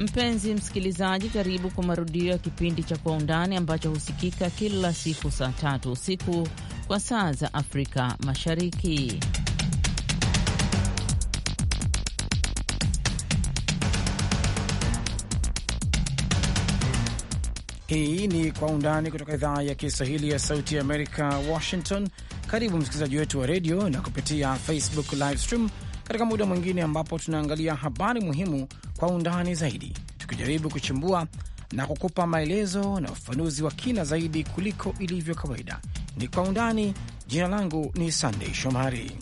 Mpenzi msikilizaji, karibu kwa marudio ya kipindi cha Kwa Undani ambacho husikika kila siku saa tatu usiku kwa saa za Afrika Mashariki. Hii ni Kwa Undani kutoka idhaa ya Kiswahili ya Sauti ya Amerika, Washington. Karibu msikilizaji wetu wa redio na kupitia Facebook live stream katika muda mwingine ambapo tunaangalia habari muhimu kwa undani zaidi, tukijaribu kuchimbua na kukupa maelezo na ufafanuzi wa kina zaidi kuliko ilivyo kawaida. Ni kwa undani. Jina langu ni Sandei Shomari.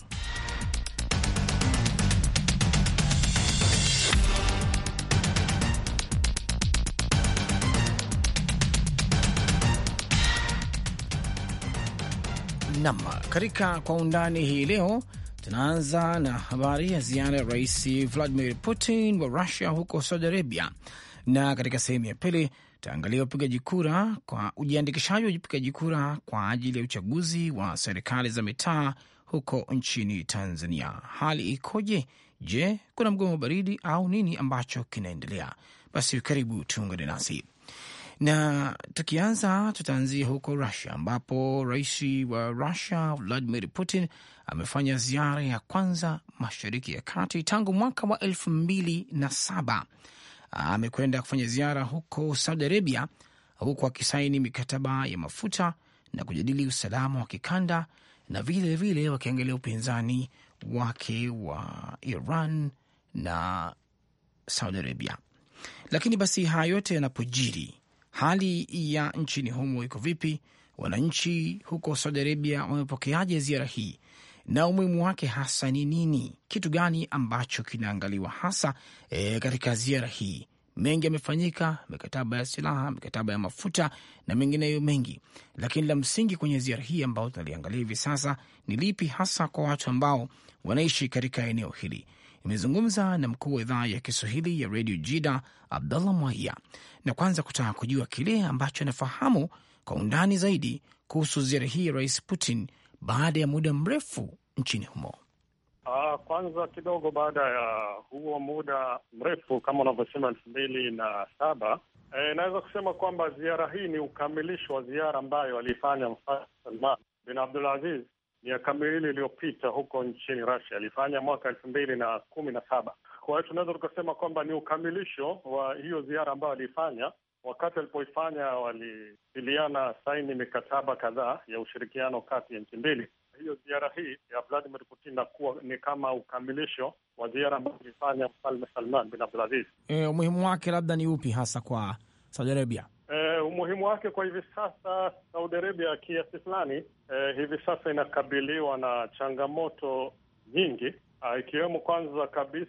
Nam, katika kwa undani hii leo Tunaanza na habari ya ziara ya Rais Vladimir Putin wa Rusia huko Saudi Arabia, na katika sehemu ya pili taangalia upigaji kura kwa ujiandikishaji wa upigaji kura kwa ajili ya uchaguzi wa serikali za mitaa huko nchini Tanzania. Hali ikoje? Je, kuna mgomo baridi au nini ambacho kinaendelea? Basi karibu tuungane nasi. Na tukianza tutaanzia huko rusia ambapo rais wa rusia Vladimir Putin amefanya ziara ya kwanza mashariki ya kati tangu mwaka wa elfu mbili na saba. Amekwenda kufanya ziara huko Saudi Arabia, huku akisaini mikataba ya mafuta na kujadili usalama wa kikanda na vile vile wakiangalia upinzani wake wa Iran na Saudi Arabia. Lakini basi haya yote yanapojiri, Hali ya nchini humo iko vipi? Wananchi huko Saudi Arabia wamepokeaje ziara hii na umuhimu wake hasa ni nini? Kitu gani ambacho kinaangaliwa hasa e, katika ziara hii? Mengi yamefanyika, mikataba ya silaha, mikataba ya mafuta na mengineyo mengi, lakini la msingi kwenye ziara hii ambayo tunaliangalia hivi sasa ni lipi hasa kwa watu ambao wanaishi katika eneo hili? imezungumza na mkuu wa idhaa ya Kiswahili ya redio Jida, Abdallah Mwaiya, na kwanza kutaka kujua kile ambacho anafahamu kwa undani zaidi kuhusu ziara hii ya Rais Putin baada ya muda mrefu nchini humo. Uh, kwanza kidogo, baada ya huo muda mrefu kama unavyosema elfu mbili na saba e, naweza kusema kwamba ziara hii ni ukamilisho wa ziara ambayo aliifanya Mfalme Salman bin Aziz miaka miwili iliyopita huko nchini Russia, alifanya mwaka elfu mbili na kumi na saba. Kwa hiyo tunaweza tukasema kwamba ni ukamilisho wa hiyo ziara ambayo aliifanya. Wakati alipoifanya walitiliana saini mikataba kadhaa ya ushirikiano kati ya nchi mbili. Hiyo ziara hii ya Vladimir Putin nakuwa ni kama ukamilisho wa ziara ambayo alifanya Mfalme Salman bin Abdulaziz. E, umuhimu wake labda ni upi hasa kwa Saudi Arabia? Eh, umuhimu wake kwa hivi sasa, Saudi Arabia kiasi fulani eh, hivi sasa inakabiliwa na changamoto nyingi ah, ikiwemo kwanza kabisa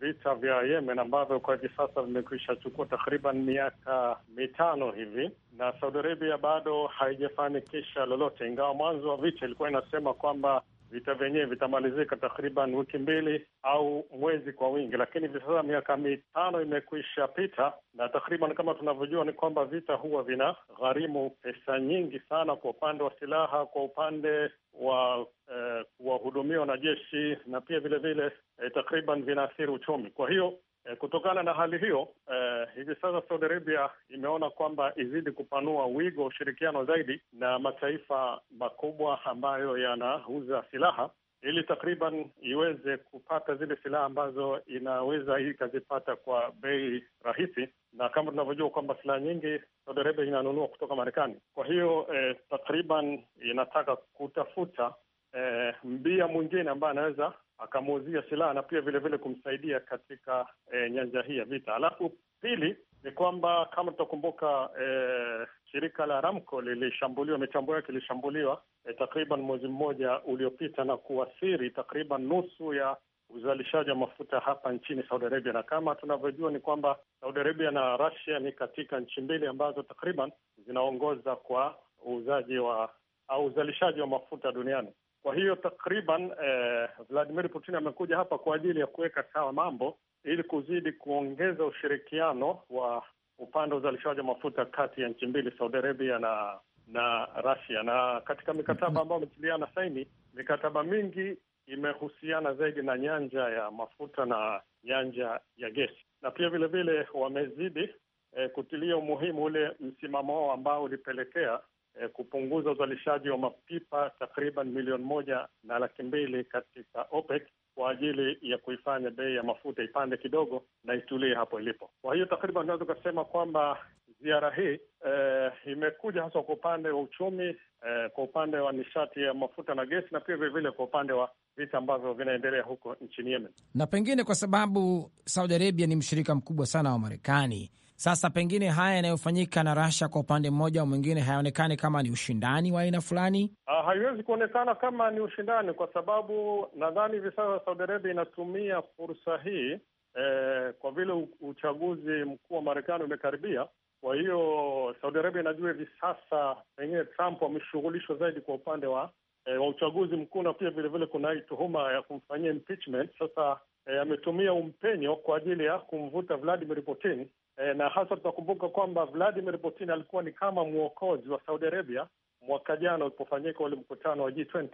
vita vya Yemen ambavyo kwa hivi sasa vimekwisha chukua takriban miaka mitano hivi, na Saudi Arabia bado haijafanikisha lolote, ingawa mwanzo wa vita ilikuwa inasema kwamba vita vyenyewe vitamalizika takriban wiki mbili au mwezi kwa wingi, lakini hivi sasa miaka mitano imekwisha pita, na takriban kama tunavyojua ni kwamba vita huwa vina gharimu pesa nyingi sana, kwa upande wa silaha, kwa upande wa eh, wahudumia wanajeshi na pia vilevile eh, takriban vinaathiri uchumi. Kwa hiyo Eh, kutokana na hali hiyo e, hivi sasa Saudi Arabia imeona kwamba izidi kupanua wigo wa ushirikiano zaidi na mataifa makubwa ambayo yanauza silaha ili takriban iweze kupata zile silaha ambazo inaweza hii ikazipata kwa bei rahisi, na kama tunavyojua kwamba silaha nyingi Saudi Arabia inanunua kutoka Marekani. Kwa hiyo eh, takriban inataka kutafuta eh, mbia mwingine ambaye anaweza akamuuzia silaha na pia vile vile kumsaidia katika eh, nyanja hii ya vita. Alafu pili ni kwamba kama tutakumbuka, eh, shirika la Aramco lilishambuliwa, mitambo yake ilishambuliwa eh, takriban mwezi mmoja uliopita na kuathiri takriban nusu ya uzalishaji wa mafuta hapa nchini Saudi Arabia, na kama tunavyojua ni kwamba Saudi Arabia na Russia ni katika nchi mbili ambazo takriban zinaongoza kwa uuzaji wa au uzalishaji wa mafuta duniani. Kwa hiyo takriban eh, Vladimir Putin amekuja hapa kwa ajili ya kuweka sawa mambo ili kuzidi kuongeza ushirikiano wa upande wa uzalishaji wa mafuta kati ya nchi mbili, Saudi Arabia na na Russia. Na katika mikataba ambayo ametiliana saini, mikataba mingi imehusiana zaidi na nyanja ya mafuta na nyanja ya gesi, na pia vilevile vile wamezidi eh, kutilia umuhimu ule msimamo wao ambao ulipelekea e, kupunguza uzalishaji wa mapipa takriban milioni moja na laki mbili katika OPEC kwa ajili ya kuifanya bei ya mafuta ipande kidogo na itulie hapo ilipo. Kwa hiyo takriban unaweza ukasema kwamba ziara hii e, imekuja hasa kwa upande wa uchumi e, kwa upande wa nishati ya mafuta na gesi, na pia vilevile kwa upande wa vita ambavyo vinaendelea huko nchini Yemen, na pengine kwa sababu Saudi Arabia ni mshirika mkubwa sana wa Marekani sasa pengine haya yanayofanyika na Russia kwa upande mmoja au mwingine hayaonekani kama ni ushindani wa aina fulani. Uh, haiwezi kuonekana kama ni ushindani kwa sababu nadhani hivi sasa Saudi Arabia inatumia fursa hii eh, kwa vile uchaguzi mkuu wa Marekani umekaribia. Kwa hiyo Saudi Arabia inajua hivi sasa pengine Trump ameshughulishwa zaidi kwa upande wa eh, wa uchaguzi mkuu na pia vilevile kuna hii tuhuma ya kumfanyia impeachment. Sasa eh, ametumia umpenyo kwa ajili ya kumvuta Vladimir Putin e, na hasa tutakumbuka kwamba Vladimir Putin alikuwa ni kama mwokozi wa Saudi Arabia mwaka jana ulipofanyika ule mkutano wa G20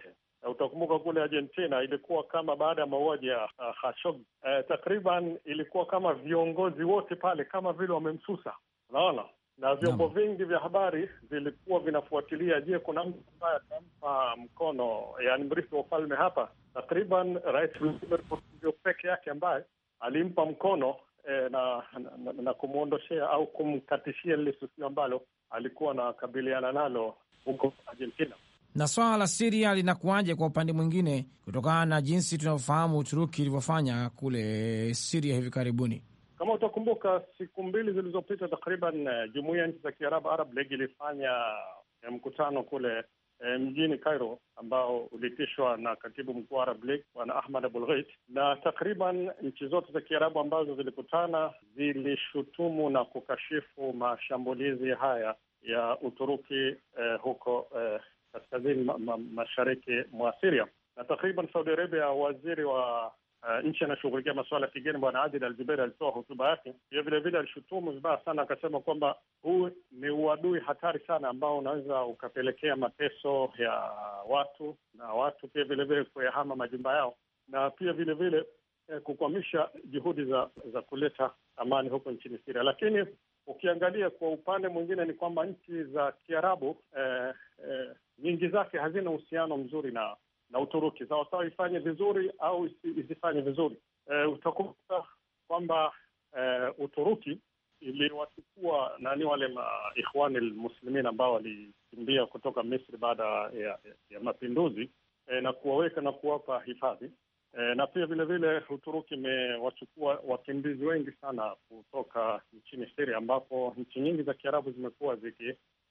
na utakumbuka kule Argentina ilikuwa kama baada ya mauaji ya uh, Khashoggi e, takriban ilikuwa kama viongozi wote pale kama vile wamemsusa, unaona na vyombo vingi vya habari vilikuwa vinafuatilia, je, kuna mtu ambaye atampa mkono, yani mrithi wa ufalme hapa? Takriban Rais Vladimir Putin ndio peke yake ambaye alimpa mkono e, na, na, na kumwondoshea au kumkatishia lile tukio ambalo alikuwa anakabiliana nalo huko Argentina. Na swala la Siria linakuwaje kwa upande mwingine, kutokana na jinsi tunavyofahamu Uturuki ilivyofanya kule Siria hivi karibuni? Kama utakumbuka, siku mbili zilizopita takriban, eh, jumuiya ya nchi za Kiarabu, Arab League, ilifanya eh, mkutano kule e, mjini Cairo ambao uliitishwa na katibu mkuu wa Arab League Bwana Ahmad Abul na takriban nchi zote za Kiarabu ambazo zilikutana zilishutumu na kukashifu mashambulizi haya ya Uturuki eh, huko eh, kaskazini ma ma mashariki mwa Siria na takriban Saudi Arabia, waziri wa uh, nchi anashughulikia masuala ya kigeni, bwana Adil Al Jubeir alitoa hotuba yake pia vilevile alishutumu vibaya sana, akasema kwamba huu ni uadui hatari sana ambao unaweza ukapelekea mateso ya watu na watu pia vilevile kuyahama majumba yao na pia vilevile eh, kukwamisha juhudi za za kuleta amani huko nchini Siria. Lakini ukiangalia kwa upande mwingine ni kwamba nchi za Kiarabu eh, eh, nyingi zake hazina uhusiano mzuri na na Uturuki sawasawa, ifanye vizuri au isifanye vizuri. E, eh, utakuta kwamba e, eh, Uturuki iliwachukua nani wale maikhwani lmuslimin ambao walikimbia kutoka Misri baada ya, ya mapinduzi e, na kuwaweka na kuwapa hifadhi e, na pia vilevile Uturuki imewachukua wakimbizi wengi sana kutoka nchini Siria, ambapo nchi nyingi za Kiarabu zimekuwa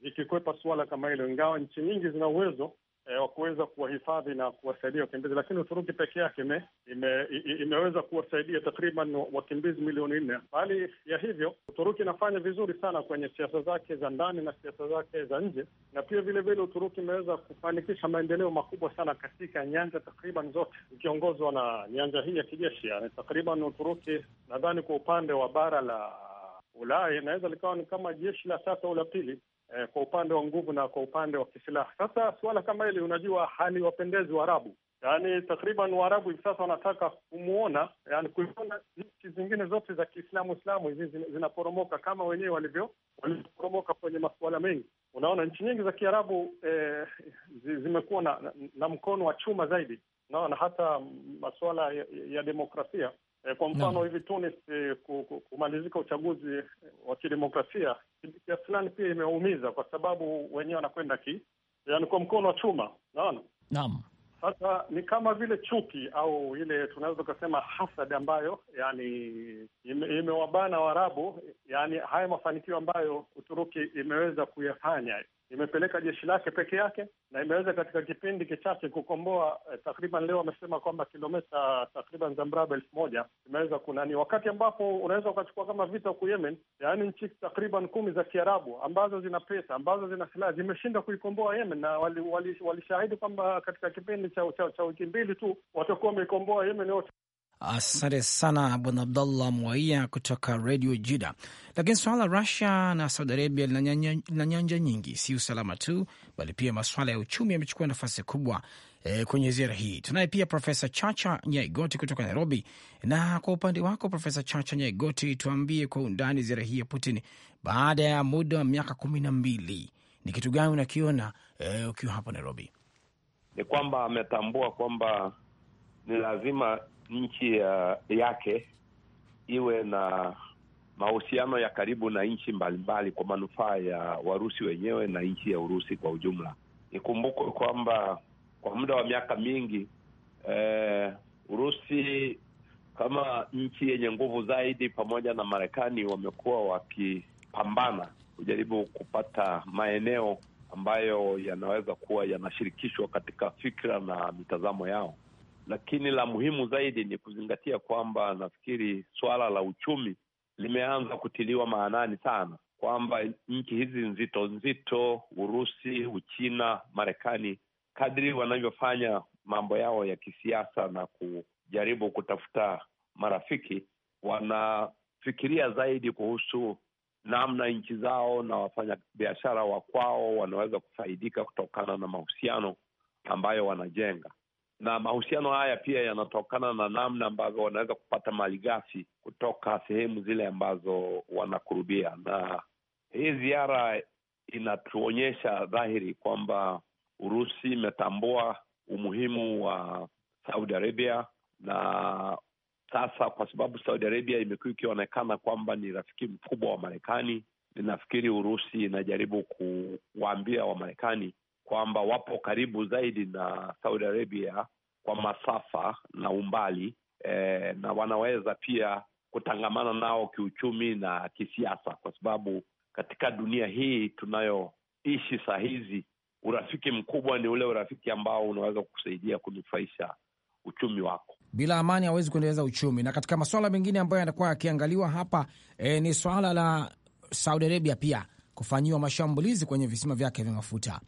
zikikwepa ziki suala kama hilo, ingawa nchi nyingi zina uwezo eh, wa kuweza kuwahifadhi na kuwasaidia wakimbizi, lakini Uturuki peke yake ime, ime, imeweza kuwasaidia takriban wakimbizi milioni nne. Bali ya hivyo, Uturuki inafanya vizuri sana kwenye siasa zake za ndani na siasa zake za nje, na pia vilevile Uturuki imeweza kufanikisha maendeleo makubwa sana katika nyanja takriban zote, ikiongozwa na nyanja hii ya kijeshi. Yani takriban Uturuki nadhani kwa upande wa bara la Ulaya inaweza likawa ni kama jeshi la tatu au la pili eh, kwa upande wa nguvu na kwa upande wa kisilaha. Sasa suala kama hili, unajua haliwapendezi Waarabu, yaani takriban Waarabu hivi sasa wanataka kumwona, yani kuiona nchi zingine zote za Kiislamu Islamu hizi zinaporomoka kama wenyewe walivyo walivyoporomoka kwenye masuala mengi. Unaona nchi nyingi za Kiarabu eh, zimekuwa na, na, na mkono wa chuma zaidi, unaona hata masuala ya, ya demokrasia eh, kwa mfano no. hivi Tunis, eh, kumalizika uchaguzi wa kidemokrasia kiasi fulani pia imeumiza, kwa sababu wenyewe wanakwenda ki, yani kwa mkono wa chuma, naona naam. Sasa ni kama vile chuki au ile tunaweza tukasema hasad ambayo yani imewabana ime Waarabu, yani haya mafanikio ambayo Uturuki imeweza kuyafanya imepeleka jeshi lake peke yake na imeweza katika kipindi kichache kukomboa eh, takriban leo amesema kwamba kilometa takriban za mraba elfu moja imeweza kunani, wakati ambapo unaweza ukachukua kama vita huku Yemen, yaani nchi takriban kumi za Kiarabu ambazo zina pesa ambazo zina silaha zimeshindwa kuikomboa Yemen, na walishahidi wali, wali kwamba katika kipindi cha wiki mbili tu watakuwa wameikomboa Yemen yote. Asante sana bwana Abdallah Mwaia kutoka redio Jida. Lakini suala la Rusia na Saudi Arabia lina nyanja nyingi, si usalama tu, bali pia masuala ya uchumi yamechukua nafasi kubwa e, kwenye ziara hii. Tunaye pia Profesa Chacha Nyaigoti kutoka Nairobi. Na kwa upande wako Profesa Chacha Nyaigoti, tuambie kwa undani ziara hii ya Putin baada ya muda wa miaka kumi na mbili, ni kitu gani unakiona e, ukiwa hapo Nairobi? Ni kwamba ametambua kwamba ni lazima nchi ya, eh, yake iwe na mahusiano ya karibu na nchi mbalimbali kwa manufaa ya Warusi wenyewe na nchi ya Urusi kwa ujumla. Ikumbukwe kwamba kwa muda wa miaka mingi eh, Urusi kama nchi yenye nguvu zaidi pamoja na Marekani wamekuwa wakipambana kujaribu kupata maeneo ambayo yanaweza kuwa yanashirikishwa katika fikra na mitazamo yao lakini la muhimu zaidi ni kuzingatia kwamba nafikiri suala la uchumi limeanza kutiliwa maanani sana, kwamba nchi hizi nzito nzito, Urusi, Uchina, Marekani, kadri wanavyofanya mambo yao ya kisiasa na kujaribu kutafuta marafiki, wanafikiria zaidi kuhusu namna nchi zao na wafanyabiashara wa kwao wanaweza kufaidika kutokana na mahusiano ambayo wanajenga na mahusiano haya pia yanatokana na namna ambavyo wanaweza kupata mali ghafi kutoka sehemu zile ambazo wanakurudia. Na hii ziara inatuonyesha dhahiri kwamba Urusi imetambua umuhimu wa Saudi Arabia, na sasa kwa sababu Saudi Arabia imekuwa ikionekana kwamba ni rafiki mkubwa wa Marekani, ninafikiri Urusi inajaribu kuwaambia Wamarekani kwamba wapo karibu zaidi na Saudi Arabia kwa masafa na umbali eh, na wanaweza pia kutangamana nao kiuchumi na kisiasa, kwa sababu katika dunia hii tunayoishi saa hizi, urafiki mkubwa ni ule urafiki ambao unaweza kukusaidia kunufaisha uchumi wako. Bila amani hawezi kuendeleza uchumi. Na katika masuala mengine ambayo yanakuwa yakiangaliwa hapa e, ni swala la Saudi Arabia pia kufanyiwa mashambulizi kwenye visima vyake vya mafuta.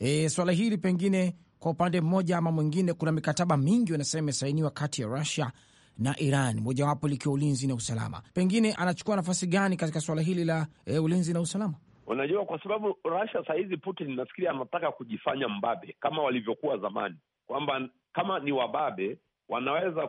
E, swala hili pengine kwa upande mmoja ama mwingine, kuna mikataba mingi wanasema imesainiwa kati ya Rusia na Iran, mojawapo likiwa ulinzi na usalama. Pengine anachukua nafasi gani katika swala hili la e, ulinzi na usalama? Unajua, kwa sababu rasia sahizi, Putin nafikiri anataka kujifanya mbabe kama walivyokuwa zamani, kwamba kama ni wababe wanaweza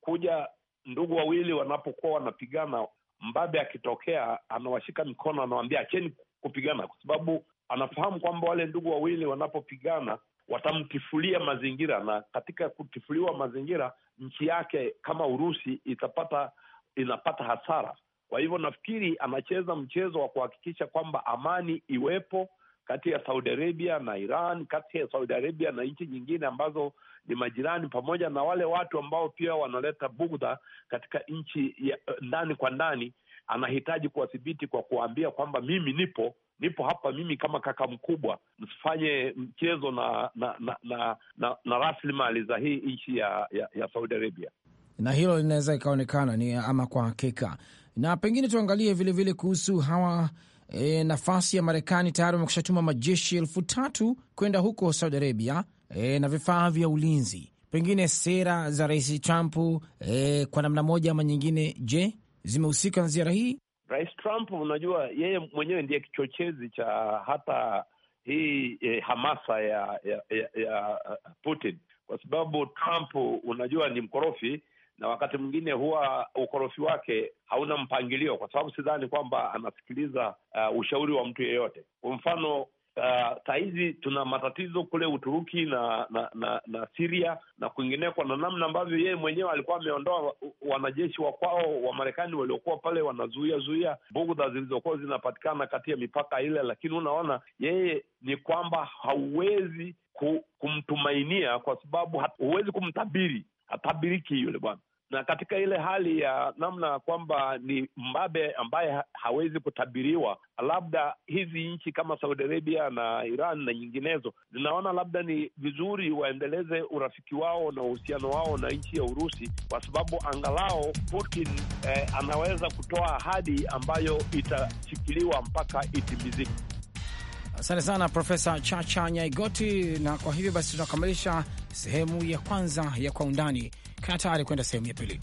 kuja ndugu wawili wanapokuwa wanapigana, mbabe akitokea anawashika mikono, anawaambia acheni kupigana, kwa sababu anafahamu kwamba wale ndugu wawili wanapopigana watamtifulia mazingira, na katika kutifuliwa mazingira nchi yake kama Urusi itapata inapata hasara. Kwa hivyo nafikiri anacheza mchezo wa kuhakikisha kwamba amani iwepo kati ya Saudi Arabia na Iran, kati ya Saudi Arabia na nchi nyingine ambazo ni majirani, pamoja na wale watu ambao pia wanaleta bugdha katika nchi ya eh, ndani kwa ndani. Anahitaji kuwathibiti kwa kuwaambia kwamba mimi nipo nipo hapa mimi kama kaka mkubwa, msifanye mchezo na na na, na, na, na rasilimali za hii nchi ya, ya, ya Saudi Arabia, na hilo linaweza ikaonekana ni ama kwa hakika. Na pengine tuangalie vilevile kuhusu hawa e, nafasi ya Marekani tayari wamekushatuma majeshi elfu tatu kwenda huko Saudi Arabia e, na vifaa vya ulinzi pengine sera za Rais Trump eh, kwa namna moja ama nyingine, je, zimehusika na ziara hii? Rais Trump unajua, yeye mwenyewe ndiye kichochezi cha hata hii eh, hamasa ya ya, ya ya uh, Putin, kwa sababu Trump unajua ni mkorofi, na wakati mwingine huwa ukorofi wake hauna mpangilio, kwa sababu sidhani kwamba anasikiliza uh, ushauri wa mtu yeyote. Kwa mfano uh, hizi tuna matatizo kule Uturuki na na na, na Siria na kwingineko, na namna ambavyo yeye mwenyewe alikuwa ameondoa wanajeshi wa kwao wa Marekani waliokuwa pale wanazuia zuia bugudha zilizokuwa zinapatikana kati ya mipaka ile, lakini unaona yeye ni kwamba hauwezi kumtumainia kwa sababu huwezi kumtabiri, hatabiriki yule bwana na katika ile hali ya namna kwamba ni mbabe ambaye hawezi kutabiriwa, labda hizi nchi kama Saudi Arabia na Iran na nyinginezo zinaona labda ni vizuri waendeleze urafiki wao na uhusiano wao na nchi ya Urusi, kwa sababu angalao Putin eh, anaweza kutoa ahadi ambayo itashikiliwa mpaka itimizike. Asante sana Profesa Chacha Nyaigoti, na kwa hivyo basi tunakamilisha sehemu ya kwanza ya Kwa Undani. Kaa tayari kwenda sehemu ya pili.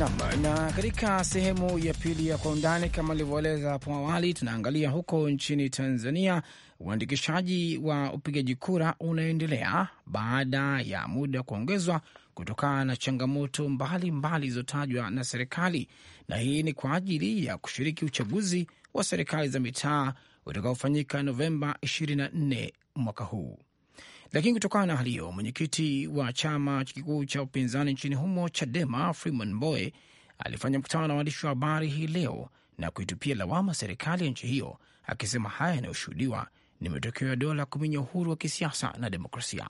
Nam, na katika sehemu ya pili ya kwa undani, kama nilivyoeleza hapo awali, tunaangalia huko nchini Tanzania, uandikishaji wa upigaji kura unaendelea baada ya muda kuongezwa kutokana na changamoto mbalimbali zilizotajwa na serikali, na hii ni kwa ajili ya kushiriki uchaguzi wa serikali za mitaa utakaofanyika Novemba 24 mwaka huu. Lakini kutokana na hali hiyo, mwenyekiti wa chama kikuu cha upinzani nchini humo Chadema Freeman Mbowe alifanya mkutano na waandishi wa habari hii leo na kuitupia lawama serikali ya nchi hiyo, akisema haya yanayoshuhudiwa ni matokeo ya dola kuminya uhuru wa kisiasa na demokrasia.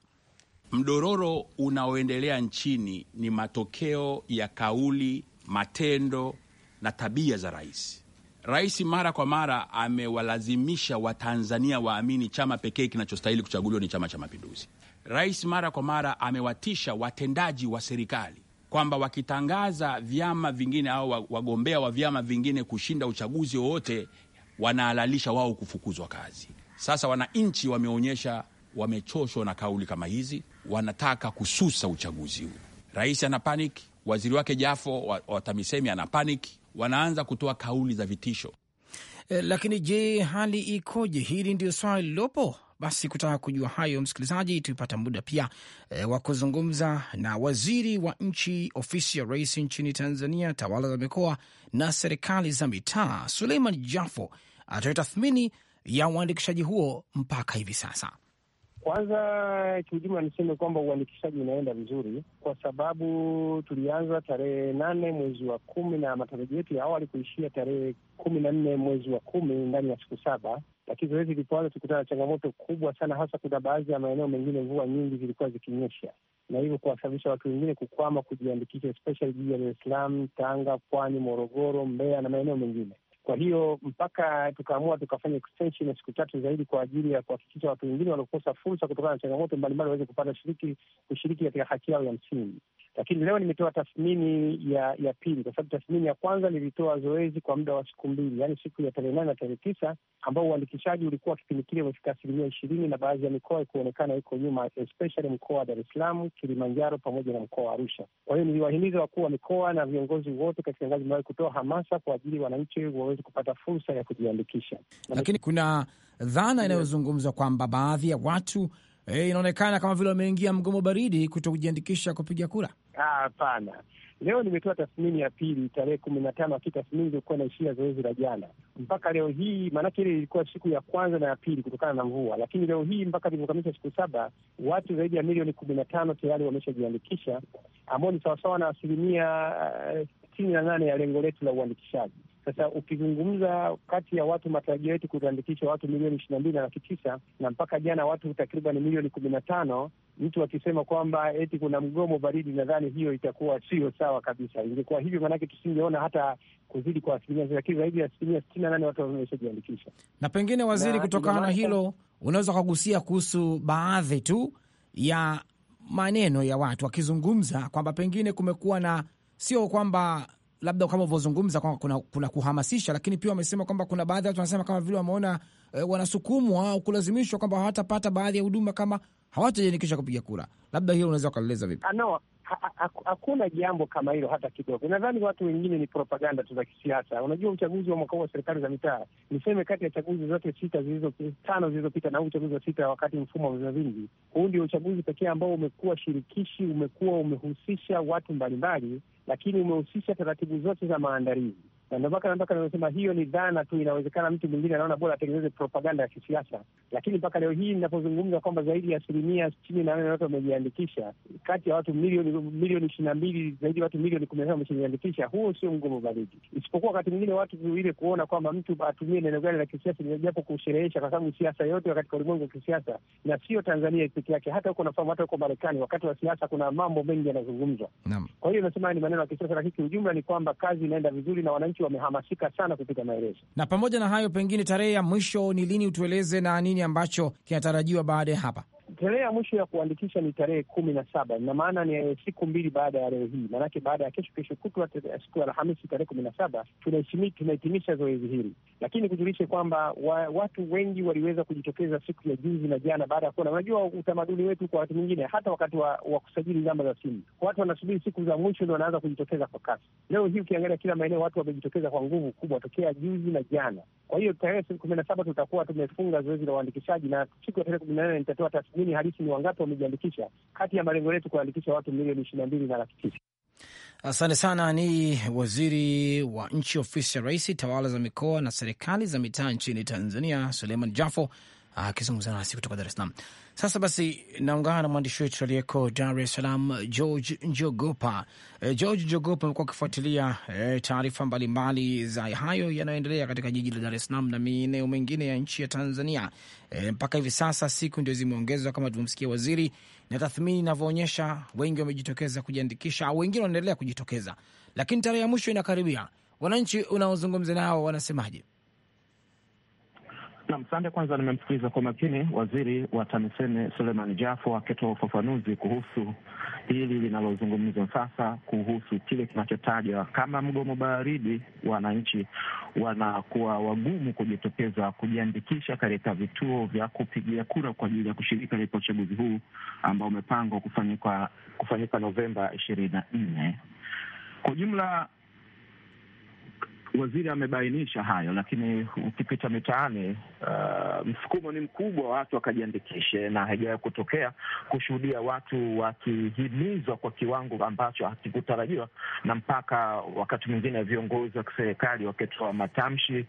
Mdororo unaoendelea nchini ni matokeo ya kauli, matendo na tabia za rais. Rais mara kwa mara amewalazimisha Watanzania waamini chama pekee kinachostahili kuchaguliwa ni Chama cha Mapinduzi. Rais mara kwa mara amewatisha watendaji wa serikali kwamba wakitangaza vyama vingine au wagombea wa vyama vingine kushinda uchaguzi wowote, wanahalalisha wao kufukuzwa kazi. Sasa wananchi wameonyesha wamechoshwa na kauli kama hizi, wanataka kususa uchaguzi huu. Rais ana panic, waziri wake Jafo wa, wa TAMISEMI ana panic wanaanza kutoa kauli za vitisho. E, lakini je, hali ikoje? Hili ndio swali lilopo. Basi kutaka kujua hayo, msikilizaji, tumepata muda pia e, wa kuzungumza na waziri wa nchi ofisi ya rais nchini Tanzania, tawala za mikoa na serikali za mitaa, Suleiman Jafo atoe tathmini ya uandikishaji huo mpaka hivi sasa. Kwanza kiujumla, niseme kwamba uandikishaji unaenda vizuri, kwa sababu tulianza tarehe nane mwezi wa kumi na matarajio yetu ya awali kuishia tarehe kumi na nne mwezi wa kumi ndani ya siku saba, lakini zoezi ilipoanza tukutana na changamoto kubwa sana, hasa kuna baadhi ya maeneo mengine mvua nyingi zilikuwa zikinyesha na hivyo kuwasababisha watu wengine kukwama kujiandikisha, especially jiji ya Dar es Salaam, Tanga, Pwani, Morogoro, Mbeya na maeneo mengine. Kwa hiyo mpaka tukaamua tukafanya extension ya siku tatu zaidi kwa ajili ya kuhakikisha watu wengine waliokosa fursa kutokana na changamoto mbalimbali waweze kupata shiriki kushiriki katika haki yao ya msingi lakini leo nimetoa tathmini ya ya pili, kwa sababu tathmini ya kwanza nilitoa zoezi kwa muda wa siku mbili, yaani siku ya tarehe nane na tarehe tisa, ambao uandikishaji ulikuwa kipindi kile umefika asilimia ishirini na baadhi ya mikoa ikuonekana iko nyuma, especially mkoa wa Dar es Salaam, Kilimanjaro pamoja na mkoa wa Arusha. Kwa hiyo niliwahimiza wakuu wa mikoa na viongozi wote katika ngazi mbalimbali kutoa hamasa kwa ajili wananchi waweze kupata fursa ya kujiandikisha, lakini kuna dhana inayozungumzwa kwamba baadhi ya watu e, inaonekana kama vile wameingia mgomo baridi kuto kujiandikisha kupiga kura. Ah, hapana, leo nimetoa tathmini ya pili tarehe kumi na tano aki tathmini na inaishia zoezi la jana mpaka leo hii, maanake ile ilikuwa siku ya kwanza na ya pili kutokana na mvua, lakini leo hii mpaka ilivyokamilisha siku saba, watu zaidi ya milioni kumi na tano tayari wameshajiandikisha ambao ni sawasawa na asilimia eh, sitini uh, na nane ya lengo letu la uandikishaji. Sasa ukizungumza kati ya watu matarajio yetu kuandikisha watu milioni ishirini na mbili na laki tisa na mpaka jana watu takriban milioni kumi na tano mtu akisema kwamba eti kuna mgomo baridi, nadhani hiyo itakuwa sio sawa kabisa. Ingekuwa hivyo, maanake tusingeona hata kuzidi kwa asilimia, lakini zaidi ya asilimia sitini na nane watu wameshajiandikisha. Na pengine, waziri, kutokana na hilo, unaweza ukagusia kuhusu baadhi tu ya maneno ya watu wakizungumza kwamba pengine kumekuwa na sio kwamba labda kama ulivyozungumza kwamba kuna, kuna kuhamasisha, lakini pia wamesema kwamba kuna baadhi ya watu wanasema kama vile wameona e, wanasukumwa au kulazimishwa kwamba hawatapata baadhi ya huduma kama hawatajiandikisha kupiga kura. Labda hiyo unaweza ukaeleza vipi? Ah, no, hakuna ha, ha, jambo kama hilo hata kidogo. Nadhani watu wengine ni propaganda tu za kisiasa. Unajua, uchaguzi wa mwaka huu wa serikali za mitaa, niseme kati ya chaguzi zote sita zilizo tano zilizopita na huu uchaguzi wa sita, wakati mfumo wa vyama vingi, huu ndio uchaguzi pekee ambao umekuwa shirikishi, umekuwa umehusisha watu mbalimbali lakini umehusisha taratibu zote za maandalizi na ndio mpaka mpaka nimesema hiyo ni dhana tu. Inawezekana mtu mwingine anaona bora atengeneze propaganda ya kisiasa, lakini mpaka leo hii ninapozungumza kwamba zaidi ya asilimia sitini na nane watu wamejiandikisha kati ya watu milioni milioni ishirini na mbili zaidi ya watu milioni kumi na tano wamejiandikisha. Huo sio mgomo baridi, isipokuwa wakati mwingine watu ile kuona kwamba mtu atumie neno gani la kisiasa, japo kusherehesha, kwa sababu siasa yote katika ulimwengu wa kisiasa, na sio Tanzania peke yake, hata huko nafahamu, hata huko Marekani, wakati wa siasa kuna mambo mengi yanazungumzwa. Kwa hiyo nasema ni maneno ya kisiasa, lakini kiujumla ni kwamba kazi inaenda vizuri na wananchi wananchi wamehamasika sana kupita maelezo. Na pamoja na hayo, pengine tarehe ya mwisho ni lini, utueleze na nini ambacho kinatarajiwa baada ya hapa? Tarehe ya mwisho ya kuandikisha ni tarehe kumi na saba ina maana ni siku mbili baada ya leo hii, maanake baada ya kesho, kesho kutwa, siku ya Alhamisi tarehe kumi na saba tunahitimisha zoezi hili. Lakini kujulishe kwamba wa, watu wengi waliweza kujitokeza siku ya juzi na jana, baada ya kuona, unajua utamaduni wetu kwa wakati mwingine, hata wakati wa, wa kusajili namba za simu watu wanasubiri siku za mwisho ndio wanaanza kujitokeza kwa kasi. Leo hii ukiangalia kila maeneo watu wamejitokeza kwa nguvu kubwa tokea juzi na jana. Kwa hiyo tarehe kumi na saba tutakuwa tumefunga zoezi la uandikishaji, na siku ya tarehe kumi na nane nitatoa tathmini tathmini halisi ni wangapi wamejiandikisha. Kati ya malengo yetu kuandikisha watu milioni ishirini na mbili na laki tisa. Asante sana. Ni waziri wa nchi ofisi ya rais, tawala za mikoa na serikali za mitaa nchini Tanzania, Suleiman Jafo akizungumza nasi kutoka Dar es Salaam. Sasa basi naungana na mwandishi wetu aliyeko Dar es Salaam, George Njogopa. Eh, George Njogopa amekuwa akifuatilia eh, taarifa mbalimbali za hayo yanayoendelea katika jiji la Dar es Salaam na maeneo mengine ya nchi ya Tanzania. E, mpaka hivi sasa siku ndio zimeongezwa kama tulivyomsikia waziri, na tathmini inavyoonyesha wengi wamejitokeza kujiandikisha au wengine wanaendelea kujitokeza, lakini tarehe ya mwisho inakaribia. Wananchi unaozungumza nao wanasemaje? Na sande. Kwanza nimemsikiliza kwa makini waziri wa TAMISEMI Suleiman Jafo akitoa ufafanuzi kuhusu hili linalozungumzwa sasa, kuhusu kile kinachotajwa kama mgomo baridi. Wananchi wanakuwa wagumu kujitokeza kujiandikisha katika vituo vya kupigia kura kwa ajili ya kushiriki katika uchaguzi huu ambao umepangwa kufanyika kufanyika Novemba ishirini na nne. Kwa ujumla waziri amebainisha hayo, lakini ukipita mitaani uh, msukumo ni mkubwa, watu wakajiandikishe, na haijawahi kutokea kushuhudia watu wakihimizwa kwa kiwango ambacho hakikutarajiwa, na mpaka wakati mwingine viongozi wa kiserikali wakitoa matamshi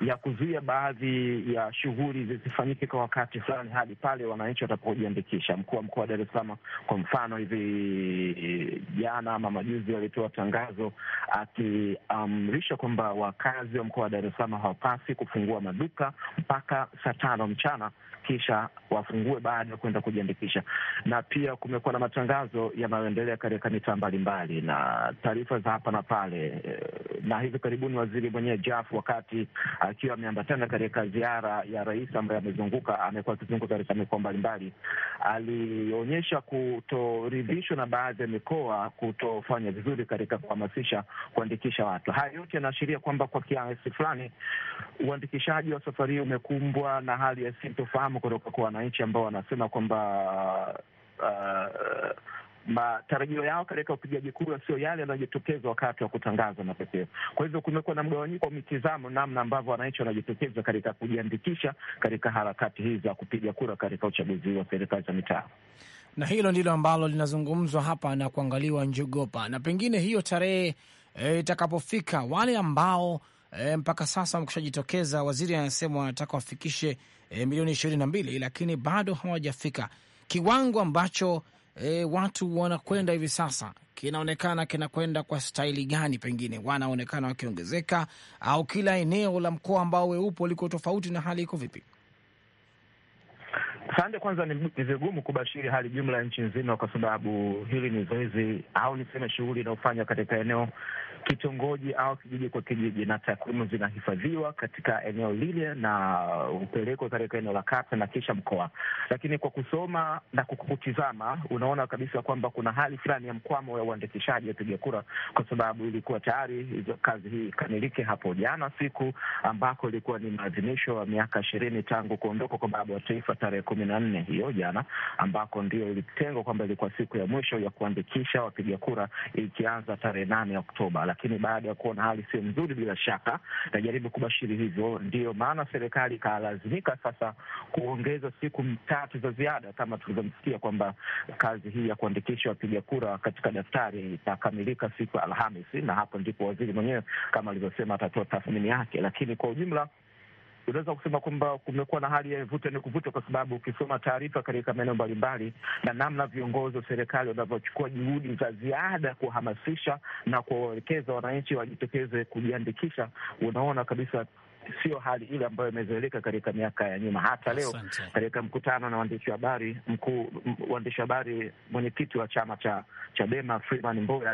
ya kuzuia baadhi ya shughuli zisifanyike kwa wakati fulani hadi pale wananchi watapojiandikisha Mkuu wa mkoa wa Dar es Salaam kwa mfano, hivi jana ama majuzi, alitoa tangazo akiamrisha um, kwamba kwamba wakazi wa mkoa wa Dar es Salaam hawapasi kufungua maduka mpaka saa tano mchana, kisha wafungue baada ya kwenda kujiandikisha. Na pia kumekuwa na matangazo yanayoendelea katika mitaa mbalimbali na taarifa za hapa na pale, eh, na hivi karibuni waziri mwenyewe Jaf, wakati akiwa ameambatana katika ziara ya rais ambaye amezunguka amekuwa akizunguka katika mikoa mbalimbali, alionyesha kutoridhishwa na baadhi ya mikoa kutofanya vizuri katika kuhamasisha kuandikisha watu. Haya yote yanaashiria kuashiria kwamba kwa kiasi fulani uandikishaji wa safari hii umekumbwa na hali ya sintofahamu kutoka kwa wananchi ambao wanasema kwamba uh, matarajio yao katika upigaji kura sio yale yanayojitokeza wakati wa kutangaza matokeo. Kwa hivyo kumekuwa na mgawanyiko wa mitizamo, namna ambavyo wananchi wanajitokeza katika kujiandikisha katika harakati hii za kupiga kura katika uchaguzi wa serikali za mitaa, na hilo ndilo ambalo linazungumzwa hapa na kuangaliwa njogopa, na pengine hiyo tarehe E, itakapofika, e, wale ambao e, mpaka sasa wamekushajitokeza, jitokeza, waziri anasema wanataka wafikishe e, milioni ishirini na mbili, lakini bado hawajafika kiwango ambacho e, watu wanakwenda hivi sasa kinaonekana kinakwenda kwa staili gani? Pengine wanaonekana wakiongezeka, au kila eneo la mkoa ambao weupo liko tofauti na hali iko vipi? Sande, kwanza ni, vigumu kubashiri hali jumla ya nchi nzima, kwa sababu hili ni zoezi au niseme shughuli inayofanywa katika eneo kitongoji au kijiji kwa kijiji, na takwimu zinahifadhiwa katika eneo lile na hupelekwa katika eneo la kata na kisha mkoa. Lakini kwa kusoma na kukutizama, unaona kabisa kwamba kuna hali fulani ya mkwamo ya uandikishaji wapiga kura, kwa sababu ilikuwa tayari hizo kazi hii ikamilike hapo jana, siku ambako ilikuwa ni maadhimisho ya miaka ishirini tangu kuondoka kwa baba wa taifa tarehe kumi na nne hiyo jana, ambako ndio ilitengwa kwamba ilikuwa siku ya mwisho ya kuandikisha wapiga kura, ikianza tarehe nane Oktoba lakini baada ya kuona hali sio nzuri, bila shaka najaribu kubashiri hivyo. Ndiyo maana serikali ikalazimika sasa kuongeza siku tatu za ziada, kama tulivyomsikia kwamba kazi hii ya kuandikisha wapiga kura katika daftari itakamilika siku ya Alhamisi, na hapo ndipo waziri mwenyewe kama alivyosema atatoa tathmini yake, lakini kwa ujumla unaweza kusema kwamba kumekuwa na hali ya vuta ni kuvuta, kwa sababu ukisoma taarifa katika maeneo mbalimbali na namna viongozi wa serikali wanavyochukua juhudi za ziada kuwahamasisha na kuwaelekeza wananchi wajitokeze kujiandikisha, unaona kabisa sio hali ile ambayo imezoeleka katika miaka ya nyuma. Hata leo katika mkutano na waandishi wa habari, mkuu waandishi wa habari, mwenyekiti wa chama cha Bema Freeman Mbowe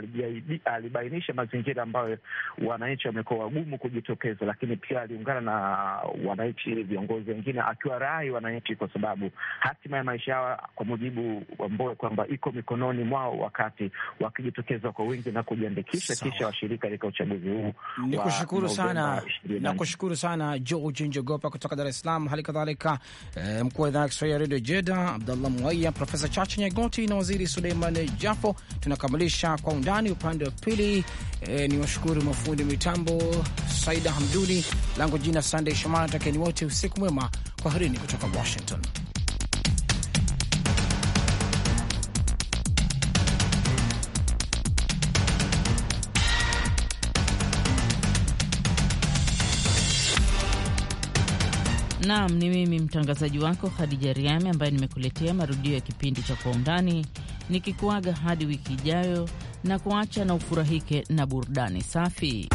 alibainisha mazingira ambayo wananchi wamekuwa wagumu kujitokeza, lakini pia aliungana na wananchi, viongozi wengine, akiwa rai wananchi, kwa sababu hatima ya maisha yao, kwa mujibu wa Mbowe, kwamba iko mikononi mwao, wakati wakijitokeza kwa wingi na kujiandikisha, kisha washiriki katika uchaguzi huu. Nikushukuru sana, nakushukuru sana George Njogopa kutoka Dar es Salaam, hali kadhalika eh, mkuu wa idhaa ya Kiswahili ya redio Jeda Abdallah Mwaiya, Profesa Chache Nyagoti na Waziri Suleiman Jafo. Tunakamilisha kwa undani upande wa pili. E, ni washukuru mafundi mitambo Saida Hamduni, langu jina Sandey shomari takeni wote usiku mwema, kwaherini kutoka Washington. Naam, ni mimi mtangazaji wako Khadija Riami ambaye nimekuletea marudio ya kipindi cha Kwa Undani, nikikuaga hadi wiki ijayo na kuacha na ufurahike na burudani safi.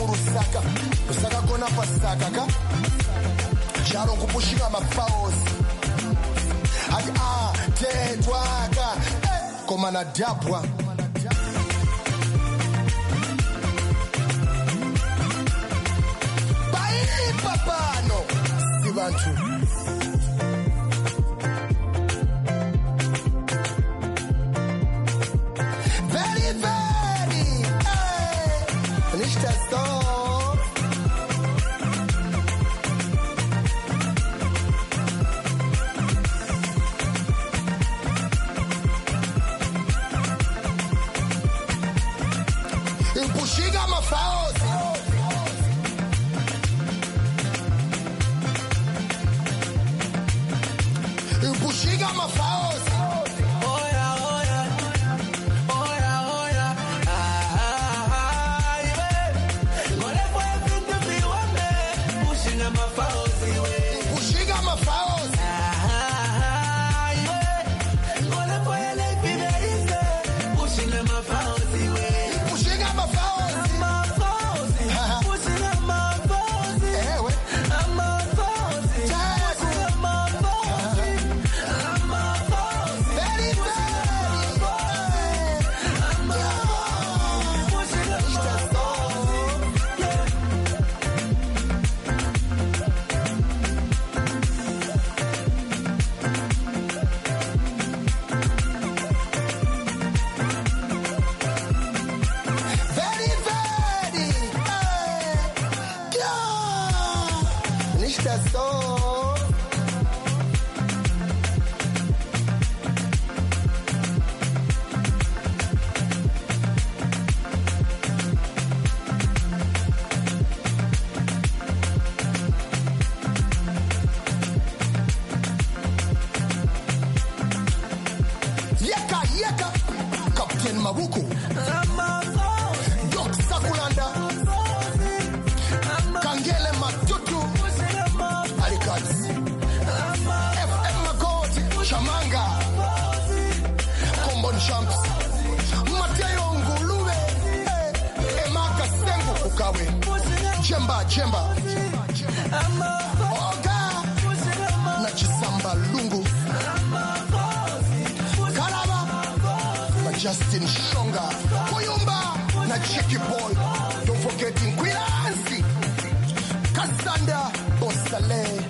mu lusaka lusaka gona pasakaka kyalo nkupushika mapaosi ati a ah, tetwaka eh, koma nadabwa paipa pano si bantu my mafao Justin Shonga, Kuyumba na Chiki Boy. Don't forget Nkwilanzi, Cassandra Bosale.